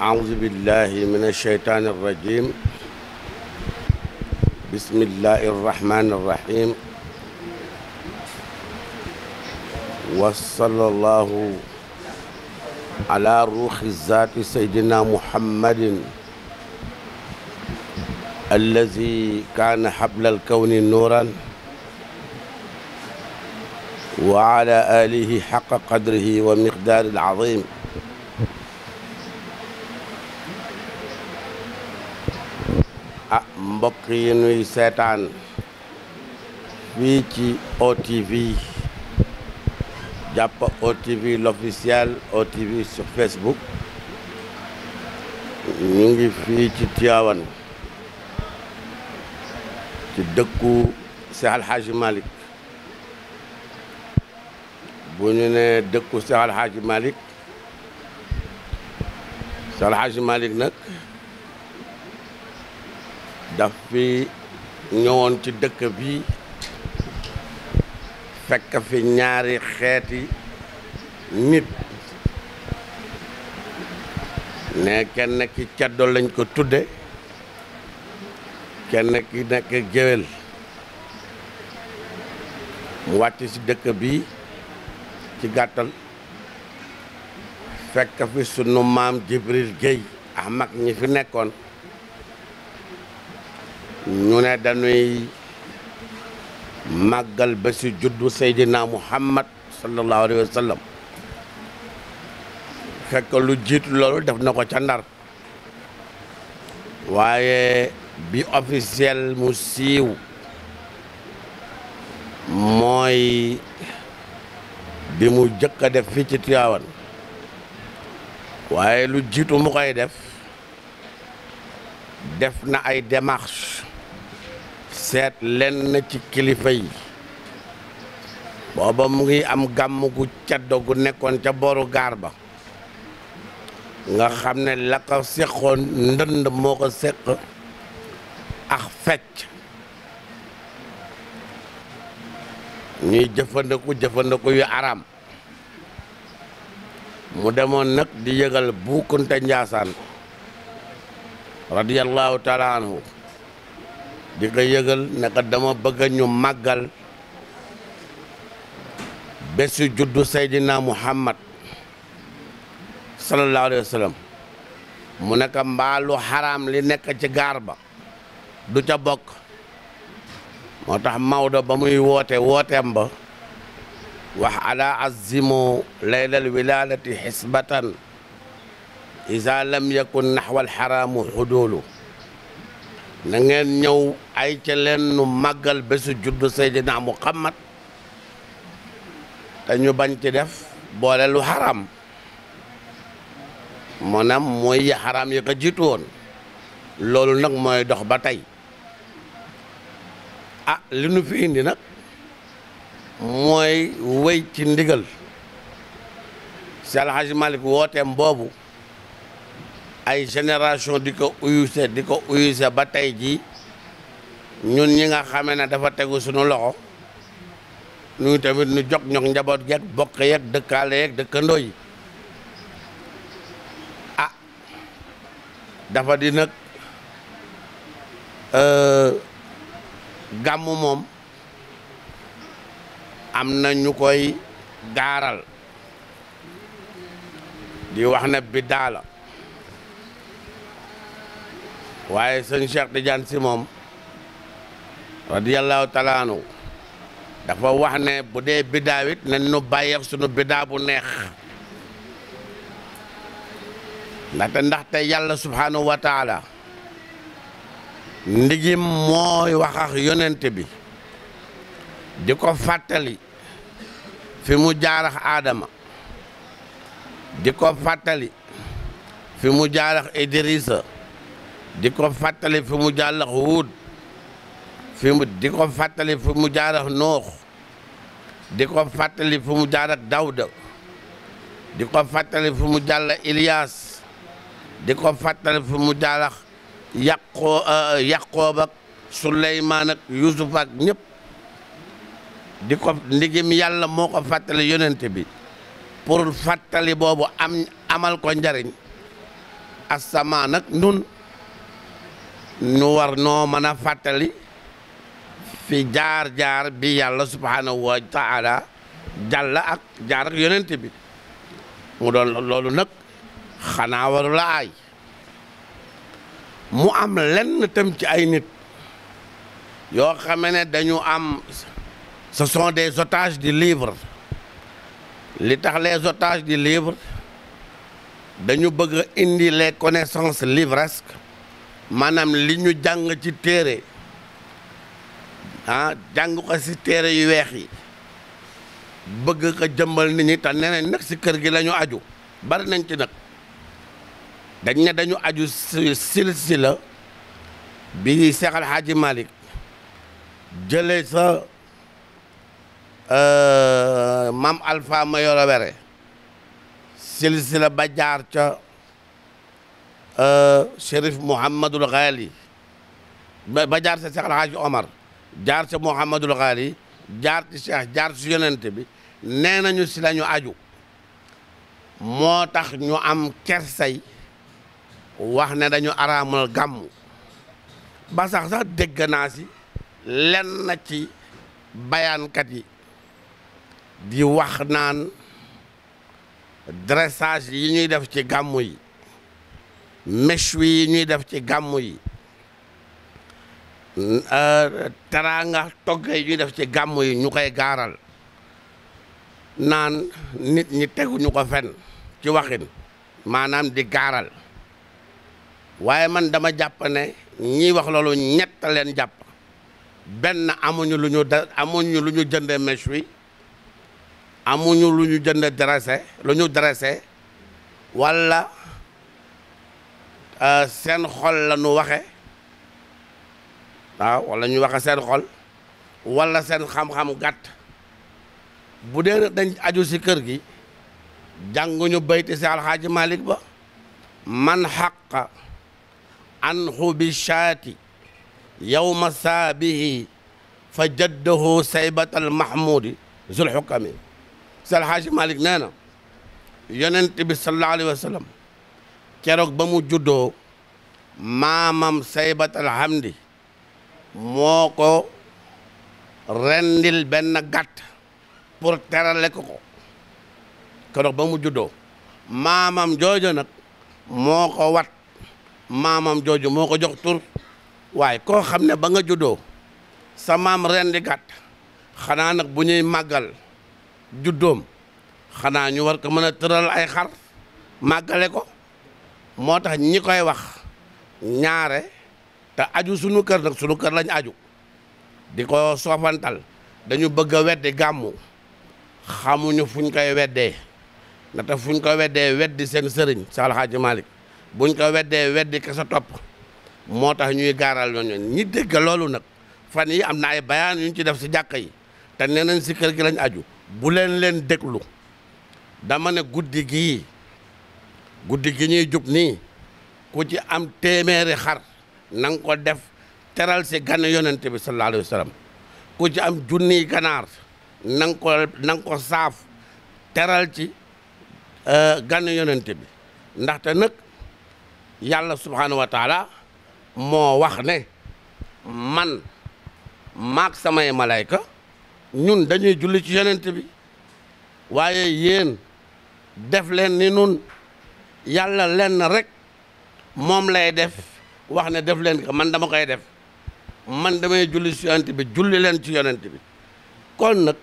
أعوذ بالله من الشيطان الرجيم بسم الله الرحمن الرحيم وصلى الله على روح الذات سيدنا محمد الذي كان حبل الكون نورا وعلى آله حق قدره ومقدار العظيم mbokk yi nuy seetaan fii ci OTV jàpp OTV l'officiel OTV sur ñu ngi fii ci Tivaouane ci dëkku Cheikh Al Hadj Malick bu ñu nee dëkku Cheikh Al Hadj Malick Cheikh Al Hadj Malick nag daf fi ñëwoon ci dëkk bi fekk fi ñaari xeeti nit ne kenn ki ceddo lañ ko tudde kenn ki nekk géwél mu wàcc ci dëkk bi ci gàttal fekk fi sunu maam Jibril Gueye ak mag ñi fi nekkoon ñu ne dañuy màggal ba si juddu Seydina Muhammad sallallahu alayhi wa fekk lu jiit loolu def na ko ca ndar waaye bi officiel mu siiw mooy bi mu jëkk def fii ci Tiwaawan waaye lu jiitu mu koy def def na ay démarches seet lenn ci kilifa yi booba mu ngi am gàmm gu caddo gu nekkoon ca booru gaar ba nga xam ne la ko ndënd moo ko seq ak fecc ñuy jëfandiku jëfandiku yu araam mu demoon nag di yëgal Bou Kounta di ko ne ko dama bëgg ñu màggal bésu juddu Seydina Muhammad sallallahu alayhi wa sallam mu nekk mbaalu xaraam li nekk ci gaar ba du ca bokk moo tax Maodo ba muy woote wooteem ba wax ala azimu laylal wilaadati xisbatan isa lam yakun naxwal xaraamu xudoolu na ngeen ñëw ay ca leen nu màggal bésu juddu Seydina Muhammad te ñu bañ ci def boole lu xaram maanaam mooy yi xaram yi ko jiitu woon loolu nag mooy dox ba tey a ah, li nu fi indi nag mooy wéy ci ndigal Seex Alxaaji Malik wooteem boobu ay génération di ko uyuse di ko uyuse ba tey jii ñun ñi nga xame ne dafa tegu sunu loxo ñu tamit ñu jog ñox njaboot yeeg bokk yeeg dëkkaale yeeg dëkkandoo yi a ah, dafa di nag euh, gàmm moom am na ñu koy gaaral di wax ne bi daala waaye sëñ Cheikh Tidiane si moom radiyallahu taala dafa wax ne bu dee biddaaw it nañ nu bàyyeek sunu biddaa bu neex ndaxte ndaxte yàlla subhanahu wa taala ndigim mooy wax ak bi di ko fàttali fi mu jaarax aadama di ko fàttali fi mu jaarax Idrissa di ko fàttali fi mu jaarax Huud fi mu di ko fàttali fi mu jaarax Noox di ko fàttali fi mu jaarax Dawda di ko fàttali fi mu jaarax Ilias di ko fàttali fi mu jaarax Yaqoo euh, Yaqoob ak Suleymaan di ko ndigim yàlla moo ko fàttali yonent bi pour fàttali boobu am amal ko njariñ asamaa nun ñu war noo mën a fàttali fi jaar-jaar bi yàlla subhaanahu wa taala jàlla ak jaar ak bi mu doon loolu nag xanaa waru laay mu am lenn tam ci ay nit yoo xame ne dañu am ce sont des otages du livre li tax les otages du livre dañu bëgg indi les connaissances livresques maanaam li ñu jàng ci téere ah jàng téere yu weex yi bëgg ko jëmbal nit ñi te neneen nag si kër gi la aju bari nañ ci nag dañ ne dañu aju si silsila bi Seex al malik Malick jële sa euh, maam Alpha Mayoro Were silsila ba jaar ca Euh, Chérif Mouhamadul Ghali ba jaar sa Cheikh El Omar jaar sa Mouhamadul Ghali jaar ci Cheikh jaar ci yonent bi nee nañu si lañu ñu aju moo tax ñu am kersay wax ne dañu araamal gàmmu ba sax sax dégg naa si lenn na ci bayaankat yi di wax naan dressage yi ñuy def ci gàmmu yi mèche wi ñuy def ci gàmm yi euh, teraanga togg yi ñuy def ci gàmm yi ñu koy gaaral naan nit ñi teguñu ko fen ci waxin maanaam di gaaral waaye man dama jàpp ne ñiy wax loolu ñett leen jàpp benn amuñu lu ñu da amuñu lu ñu jënde mèche wi amuñu lu ñu jënd dressé lu ñu dressé walla seen xol la ñu waxe waaw wala ñu waxe seen xol wala seen xam-xam gàtt bu dee dañ aju ci kër gi jànguñu bayti si alxaaji malik ba man xaqa anhu bi shaati yawma sabihi fa jaddahu saybatal mahmudi zul xukami si alxaaji malik nee na yonent bi sallallahu alayhi wa sallam Kerok ba mu mamam maamam saybat alhamdi moko rendil ben gàtt pour terale ko ko keroog ba mu juddoo maamam joojo nag moo wat mamam jojo moko jox tur waaye koo xam ne ba nga juddoo sa maam rendi gàtt xanaa nag bu ñuy màggal juddoom ñu war ko ay xar ko moo tax ñi koy wax ñaare te aju sunu kër nag sunu kër lañ aju di ko soofantal dañu bëgg a weddi gàmmu xamuñu fuñ koy weddee ndaxte fuñ ko weddee weddi seen sëriñ Seex al Hajji Malick ko weddee weddi ka sa topp moo tax ñuy gaaral ñooñu ñi dégg loolu nag fan yi am na ay bayaan yu ñu ci def si jàkk yi te nee nañ si kër gi lañ aju bu leen leen déglu dama ne guddi gii guddi gi ñuy jub nii ku ci am téeméeri xar na ko def teral si gan yonent bi sallallahu alayhi wa ku ci am junni ganaar nang ko na nga saaf teral ci euh, gan yonent bi ndaxte nag yàlla subhaanahu wa moo wax ne man maak samay malayka ñun dañuy julli ci yonent bi waaye yéen def leen ni nun yàlla lenn rek moom lay def wax ne def leen ko man dama koy def man damay julli ci yonent bi julli leen ci yonent bi kon nag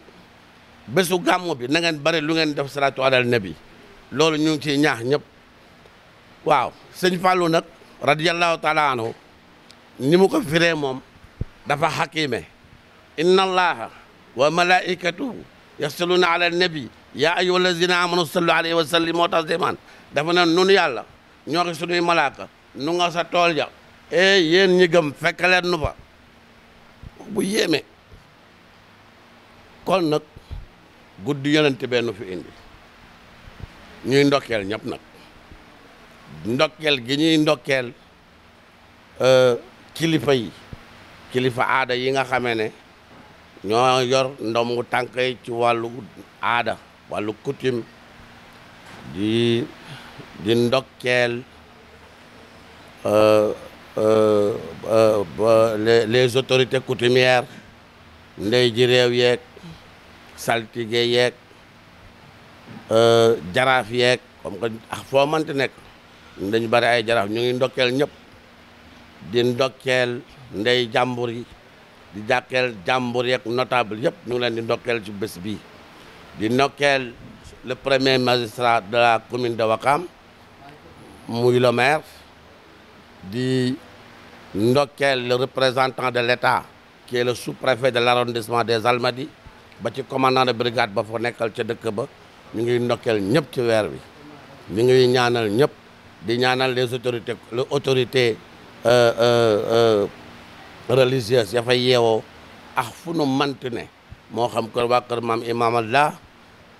bésu gàmmu bi nangeen bari lu ngeen def salaatu alal nabi loolu ñu ngi ciy ñaax ñëpp waaw sëñ Fallou nag radiyallahu taala anhu ni mu ko firee moom dafa xakime inna allaha wa malaikatuhu yasalluna ala nabi yaa ayyuha allazina amanu sallu alayhi wa sallimu tasliman dafa na nun yàlla ñoxi suñuy malaaka nu nga sa tool ja e yéen ñi gëm leen nu fa bu yéeme kon nag gudd yonent benn fi indi ñuy ndokkeel ñëpp nag ndokkeel gi ñuy ndokkeel euh, kilifa yi kilifa aada yi nga xamee ne ñoo yor ndomu tànk yi ci wàllu aada wàllu coutume di di ndokkeel euh, euh, euh, les les autorités coutumières ndey ji réew yeeg saltige yeeg jaraaf yeeg comme foo mënti nekk dañu bari ay jaraaf ñu ngi ndokkeel ñëpp di ndokkeel ndey jàmbur yi di jàkkeel jàmbur yeeg notable yëpp ñu ngi leen di ndokkeel ci bés bi di ndokkeel le premier magistrat de la commune de Wakam Mouy le maire di Ndokel, le représentant de l'État qui est le sous-préfet de l'arrondissement des Almadies ba commandant de brigade ba fa nekkal ca de ba ñu ngi ndokkeel ñëpp ci weer bi ñu ngi ñaanal les autorités les autorités euh, euh, euh, religieuses ya fay yeewoo ah fu nu mant ne xam kër waa Allah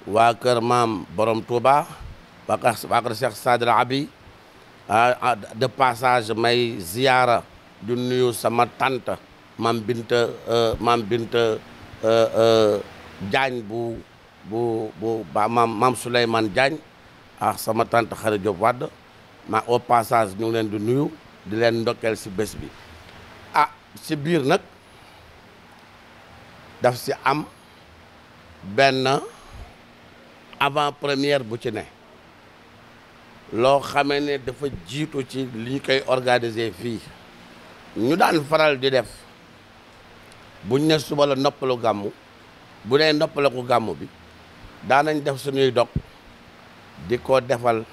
waa kër maam borom Touba waa kër waa Sadra Abi ah, ah, de passage may ziyaara du nuyu sama tante maam Binta euh, maam Binta euh, euh, Diagne bu bu bu ba maam maam Souleymane Diagne ah, sama tante Xari Diop Wade ma au passage ñu leen di nuyu di leen ndokkeel si bés bi ah biir nag daf si am benn. avant première bu ci ne choses qui avons dafa jitu ci li organiser fi ñu daan faral di def buñ ne suba la noppalu Nous bu fait le gamu def suñuy defal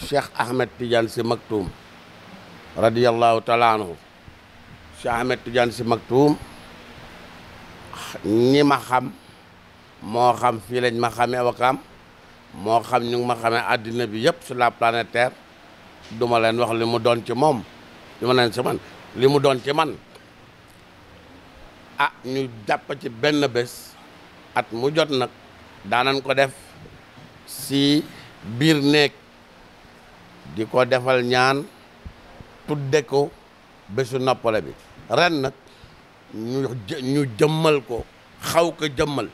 Cheikh Ahmed Tidiane Maktoum radiyallahu taala anhu Cheikh Ahmed Tidiane moo xam fii lañ ma xamee wakaam moo xam ñu ngi ma xamee àddina bi yëpp sur la planète duma leen wax li mu doon ci moom li ma leen man li mu doon ci man a ah, ñu jàpp ci benn bés at mu jot nag daanañ ko def si biir néeg di ko defal ñaan tudde ko bésu noppale bi ren nag ñu jëmmal ko xaw ko jëmmal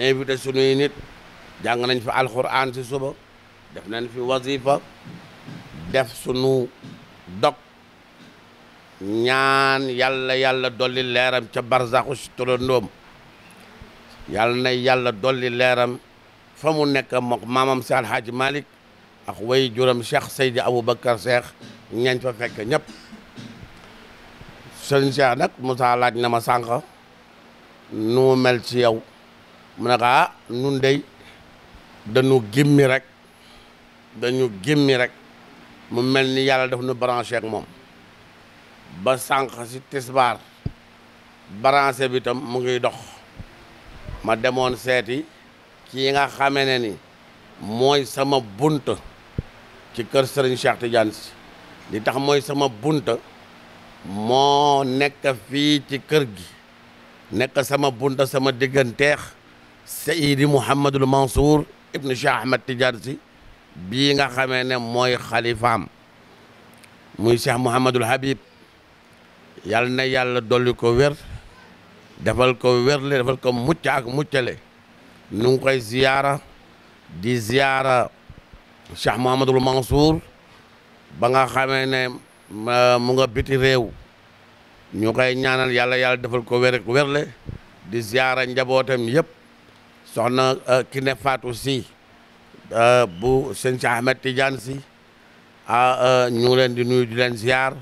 invité sunuy nit jàng nañ fi alxuraan si suba def nañ fi wazifa def sunu dog ñaan yàlla yàlla dolli leeram ca barzaxu si turandoom yàlla na yàlla dolli leeram fa mu nekk mook maamam si alxaaji Malick ak way juram Cheikh Seydi Aboubacar Cheikh ñañ fa fekk ñëpp sëñ Cheikh nag Moussa laaj na ma sànq nu mel ci yow mu nun day dañu gimmi rek dañu gimmi rek mu mel ni yàlla daf nu branché ak moom ba sànq si tisbaar branché bi tam mu ngi dox ma demoon seeti ki nga xame ni mooy sama bunta ci kër Serigne Cheikh Tidiane tax sama bunta moo nekk fii ci kër gi sama bunta sama digganteex Seydi Mouhamadul Mansour ibnu Cheikh Ahmed Tidiane Sy bii nga xamee ne mooy xalifaam muy Cheikh Mouhamadul Habib yal na yàlla dolli ko wér defal ko wérle defal ko mucc ak muccale nu ngi koy ziyaara di ziyaara Cheikh Mouhamadul Mansour ba nga xamee ne mu nga biti réew ñu koy ñaanal yàlla yàlla defal ko wér ak wérle di ziyaara njabootam yëpp soxna euh, ki ne Fatou si euh, bu sëñ si Ahmed Tidiane si ah euh, ñu ngi leen di nuyu di leen ziar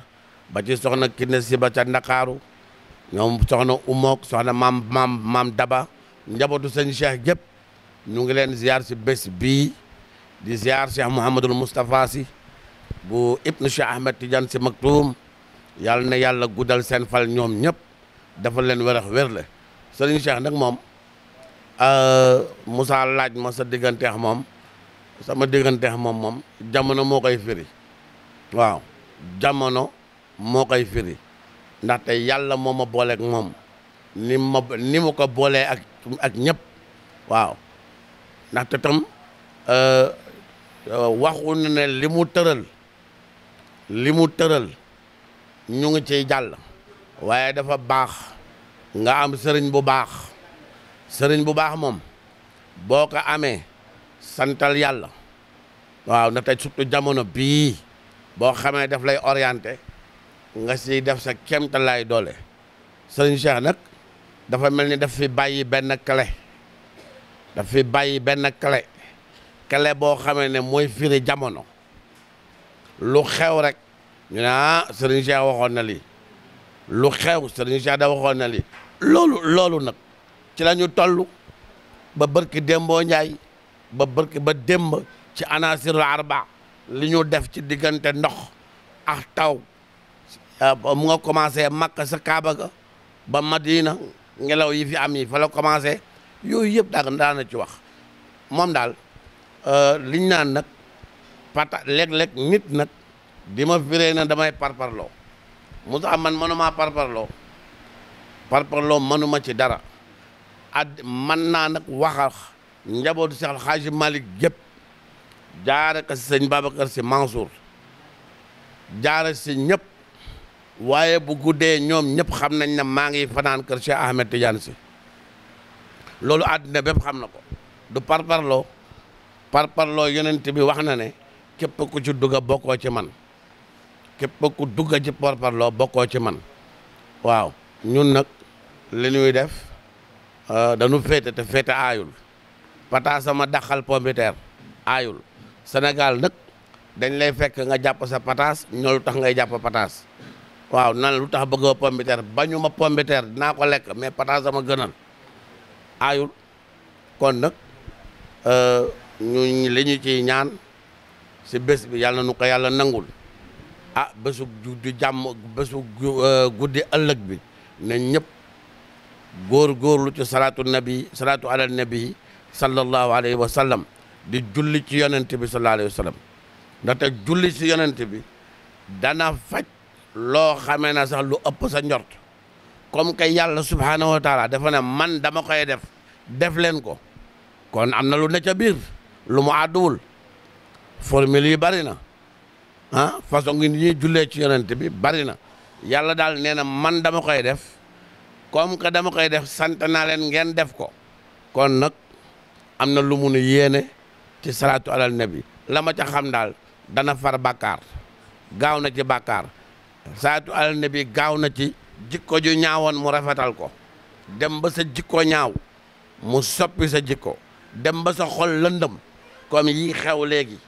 ba ci soxna ki si ba ca Ndakaaru ñoom soxna Umook soxna maam maam Daba njabootu sëñ Cheikh gépp ñu ngi leen ziar si bés bii di ziar Cheikh Mouhamadul Moustapha si bu ibnu Cheikh Ahmed Tidiane si Maktoum yàlla na yàlla gudal seen fal ñoom ñëpp dafa leen wér wér la sëñ Cheikh nag moom. Euh, Moussa laaj ma sa digganteex moom sama digganteex moom moom jamono moo koy firi waaw jamono moo koy firi ndaxte yàlla moom ma booleeg moom ni ma ni ma ko boolee ak ak ñëpp waaw ndaxte tam euh, waxuñu ne li mu tëral li mu tëral ñu ngi ciy jàll waaye dafa baax nga am sëriñ bu baax sëriñ bu baax moom boo ko amee santal yàlla waaw na tey surtout jamono bii boo xamee daf lay orienté nga siy def sa kéemtalaay doole sëriñ Cheikh nag dafa mel ni daf fi bàyyi benn clé daf fi bàyyi benn clé kele boo xamee ne mooy firi jamono lu xew rek ñu ne ah sëriñ Cheikh waxoon na lii lu xew sëriñ Cheikh da waxoon na lii loolu loolu nag ci la ñu toll ba bërki démboo njaay ba bërki ba démb ci anasirul arba li ñu def ci diggante ndox ak taw ah, mu nga commencé Makka sa Kaaba ga ba Madina ngelaw yi fi am yi fa la commencé yooyu yëpp daal daana ci wax moom daal euh, liñ naan nag pata léeg-léeg nit nag di ma firee na damay parparloo mu man mënuma parparloo parparloo ci dara ad man naa nag waxal njabootu Seex al jarak Malick jëpp jaare ko si sëñ si Mansour jaare si ñëpp waaye bu guddee ñoom ñëpp xam nañ ne maa ngi fanaan kër Cheikh Ahmed Tidiane si loolu àddina bépp xam na ko parpar lo, parparloo yonent bi wax na ne képp ku ci dugg bokkoo ci man képp ku dugg ci parparloo bokkoo ci man waaw ñun nak li ñuy def Eh, dañu féete te féete aayul pata sama daxal pombiteer aayul Sénégal nag dañ lay fekk nga jàpp sa pataas ñoo lu tax ngay jàpp patas waaw nan lu tax bëggoo pombiteer bañu ma pombiteer dinaa ko lek, mais patas sama gënal ayul kon nag eh, ñu li ñu ciy ñaan si bés bi yàlla nu ko yàlla nangul ah bésu du jàmm bésu eh, bi ne ñëpp góor góorlu ci salaatu nabi salaatu ala nabi sallallahu alayhi wa sallam di julli ci yonent bi sallallahu alayhi wa sallam julli ci yonent bi dana faj loo xamee na sax lu ëpp sa njort comme que yàlla subhaanahu wa taala dafa ne man dama koy def def leen ko kon am na lu ne ca biir lu mu àdduwul formule yi bari na ah façon ngi ñuy jullee ci yonent bi bari na yàlla daal neena man dama koy def comme que dama koy def sant naa leen ngeen def ko kon nag am na lu mu nu yéene ci salaatu alal nabi la ma ca xam daal dana far bàkkaar gaaw na ci bàkkaar salaatu alal nabi gaaw na ci jikko ju ñaawoon mu rafetal ko dem ba sa jikko ñaaw mu soppi sa jikko dem ba sa xol lëndëm comme yii xew léegi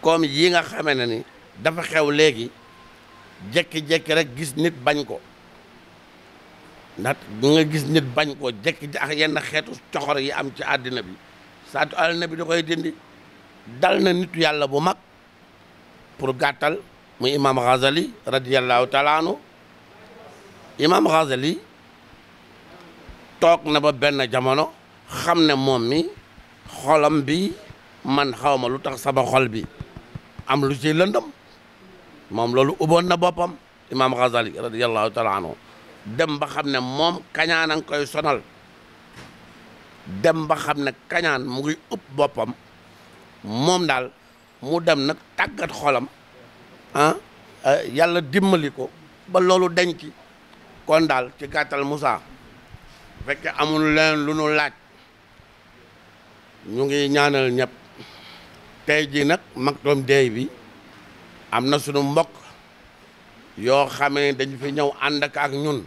comme yii nga xamee ne ni dafa xew léegi jekki-jekki rek gis nit bañ ko ndax nga gis nit bañ koo jekki ak yenn xeetu coxor yi am ci àddina bi saatu àll bi da koy dindi dal na nitu yàlla bu mag pour gàttal muy imam Ghazali radiyallahu taala anhu imam Ghazali toog na ba benn jamono xam ne moom mi xolam bi man xaw ma lu tax sama xol bi am lu ci lëndam moom loolu uboon na boppam imam Ghazali radiyallahu taala dem ba xam ne moom kañaan ngi koy sonal dem ba xam ne kañaan mu ngi ëpp boppam moom daal mu dem nag tàggat xolam ah, eh, yàlla dimmali ko ba loolu denc kon daal ci gàttal Moussa fekke amul leen lu nu laaj ñu ngi ñaanal ñëpp tey ji nag Makhtoum Day bi am na sunu mbokk yoo xamee dañ fi ñëw ànd ak ak ñun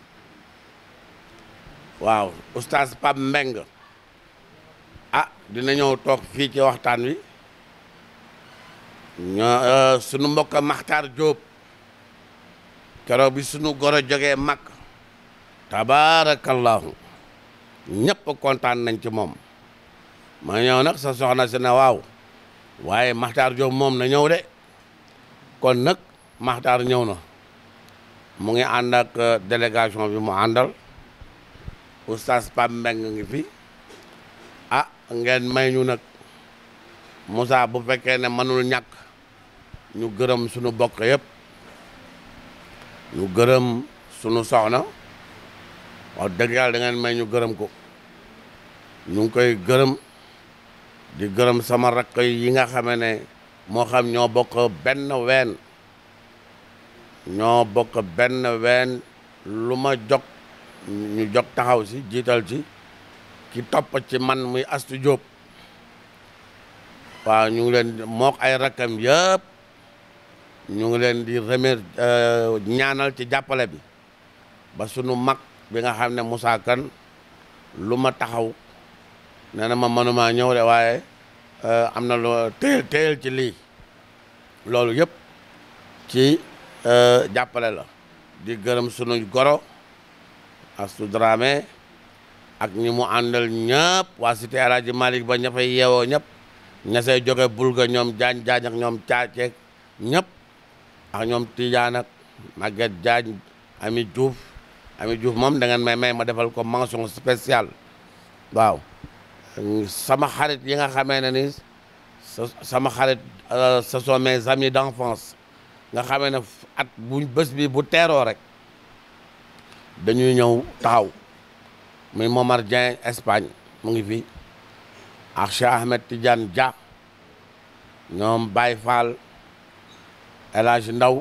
waaw oustaz Pape a ah, dina ñëw toog fii ci waxtaan wi euh, sunu mbokk Maxtaar Jóob keroog bi sunu goro jógee mag tabaarakallaahu ñépp kontaan nañ ci moom ma ñëw nag sa soxna si ne waaw waaye Maxtaar Jóob moom na ñëw de kon nag Maxtaar ñëw na mu ngi ànd ak euh, délégation bi mu àndal oustaz Pam Mbeng ngi fi a ah, ngeen may ñu nag Moussa bu fekkee ne manul ñàkk ñu gërëm sunu bokk yëpp ñu gërëm sunu soxna wax dëgg yàlla da ngeen may ñu gërëm ko ñu ngi koy gërëm di gërëm sama rakk yi nga xame ne moo xam ñoo bokk benn ween ñoo bokk benn ween lu ma jog ñu jog taxaw si jiital ci ki topp ci man muy Astu Jóob waaw ñu ngi leen mook ay rakkam yëpp ñu ngi leen di remer euh, ñaanal ci jàppale bi ba sunu mag bi nga xam ne Moussa Kane lu ma taxaw nee na ma mënuma ñëw de waaye euh, am na lu téyel téyel ci lii loolu yëpp ci Euh, jàppale la di gërëm sunuñ goro Astou drame ak ñi mu àndal ñëpp waa cité El Hadji Malick ba ña fay yeewoo ñëpp ña say jóge bulga ñoom jaañ jaañ ak ñoom caaceeg ñëpp ak ñoom Tidiane ak Maguette Diagne Ami Diouf Ami Diouf moom da ngeen may may ma defal ko mention spéciale waaw sama xarit yi nga xamee ne ni sama xarit euh, ce sont mes amis nga xamee ne at bu bés bi bu teeroo rek dañuy ñëw taxaw muy Momar Dieng Espagne mu ngi fi ak Cheikh Ahmed Tidiane Dia ñoom Baye Fall El Hadj Ndaw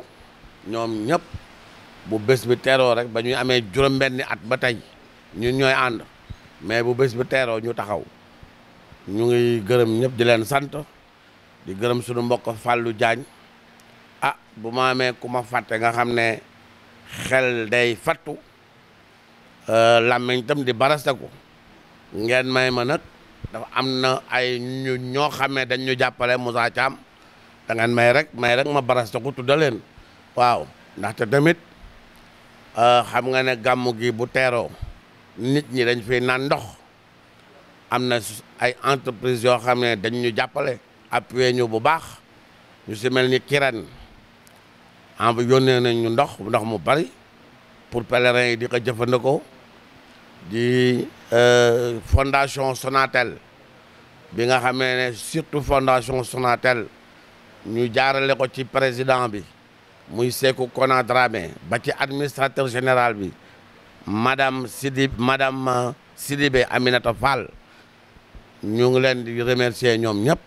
ñoom ñëpp bu bés bi teeroo rek ba ñuy amee juróom-benni at ba tey ñu ñooy ànd mais bu bés bi teeroo ñu taxaw ñu ngi gërëm ñëpp di leen sant di gërëm sunu mbokk Fallou Diagne ah bu ma amee ku ma nga ne xel day fattu euh, làmmiñ tam di barastaku ngeen may ma nag dafa am na ay ñu ñoo xam ne dañ ñu jàppale Moussa Thiam da ngeen may rek may rek ma barastaku tudda leen waaw ndaxte tamit euh, xam nga ne gàmmu gi bu nit ñi dañ fi naan ndox am na ay entreprise presio xam ne dañ ñu jàppale nyu ñu bu baax ñu en ah, yónnee nañ ñu ndox ndox mu bari pour pèlerins yi di ko jëfandikoo di euh, fondation Sonatel bi nga xamee ne surtout fondation Sonatel ñu jaarale ko ci président bi muy Sékou Kona Dramé ba ci administrateur général bi madame Sidi madame euh, Sidibé Aminata Fall ñu ngi leen di remercier ñoom ñëpp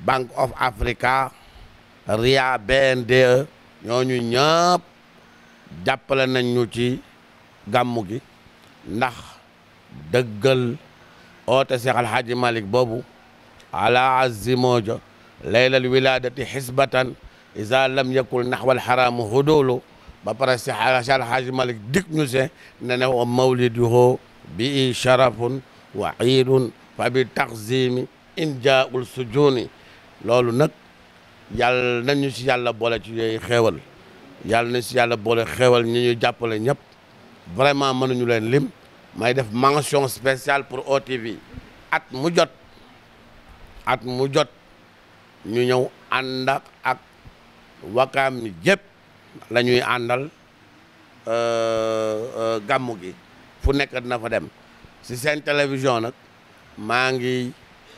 Bank of Africa RIA BNDE ñoñu ñaap jàppale nañ ñu ci gàmmu gi ndax dëggal oote Seex Alxaaji Malik boobu ala azzi moojo laylal wilaadati xisbatan isa lam yakul naxwal xaraamu hudoolu ba pare Seex Alxaaji Malik dik ñu se ne ne wa mawliduhu bi sharafun wa iidun fa bi taxzimi yàlla ñu si yàlla boole ci yooyu xeewal yàlla nañ si yàlla boole xeewal ñu ñu jàppale ñëpp vraiment mënuñu leen lim may def mention spéciale pour OTV at mu jot at mu jot ñu ñëw ànd ak wakaam ni jëpp la ñuy àndal euh, euh, gàmmu gi fu nekk dina fa dem si seen télévision nag maa ngi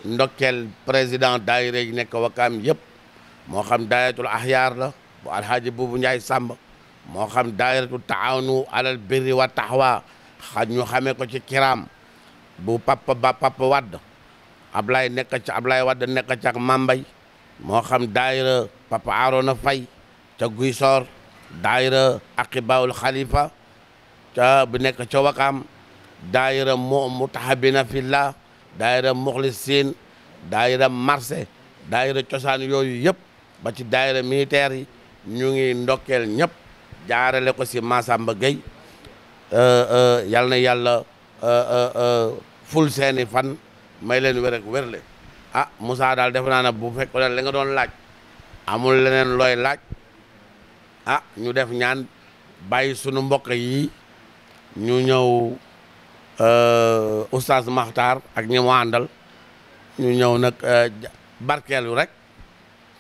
ndokkeel président daayira yi nekk wakaam yëpp moo xam daayatul ahyaar la bu alxaaji buubu njaay sàmb moo xam daayiratul taawunu alal birri wa taxwa xaj ñu xamee ko ci kiraam bu papa ba papa wadd Ablaye nekk ca Ablaye wadd nekk ca mambay moo xam daayira papa Arona Fay ca guy soor daayira aqibaul ca bu nekk ca wakaam daayira mu mutahabina fillah daayira muxlisin daayira marché daayira cosaan yooyu yëpp ba ci daayira militaire yi ñu ngi ndokkeel ñëpp jaarale ko si Massamba Gueye euh, euh, yal na yàlla euh, ful seeni fan may leen wér ak wér le ah Moussa daal def naa ne bu fekkoon li nga doon laaj amul leneen looy laaj ah ñu def ñaan bàyyi sunu mbokk yi ñu ñëw oustaz Makhtar ak ñi ñu ñëw nag barkeelu rek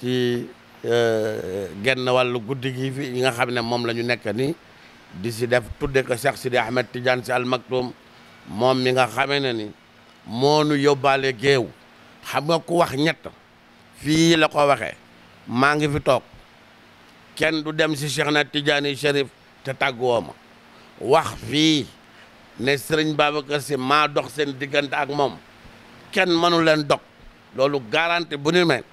ci euh, genn wàllu guddi gi fi yi nga xam ne moom la ñu nekk ni di si def tudde ko si Sidi Ahmed Tidiane si almaktum moom mi nga xamee ne ni moo nu yóbbaale géew xam nga ku wax ñett fii la ko waxee maa ngi fi toog kenn du dem si Cheikh na yi Chérif te tàgguwoo ma wax fii ne sëriñ Babacar si maa dox seen diggante ak moom kenn mënu leen dog loolu garanti bu ni mel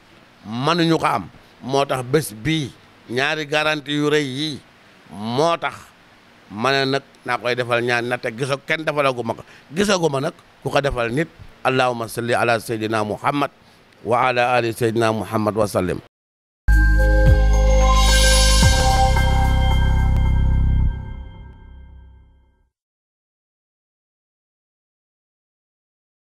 mënuñu ko am moo tax bés bii ñaari garanti yu rey yii moo tax ma ne nag naa koy defal ñaan na te kenn defalagu ma ko gisagu ma nag ku ko defal nit allahumma salli ala sayyidina muhammad wa ala ali sayyidina muhammad wa sallim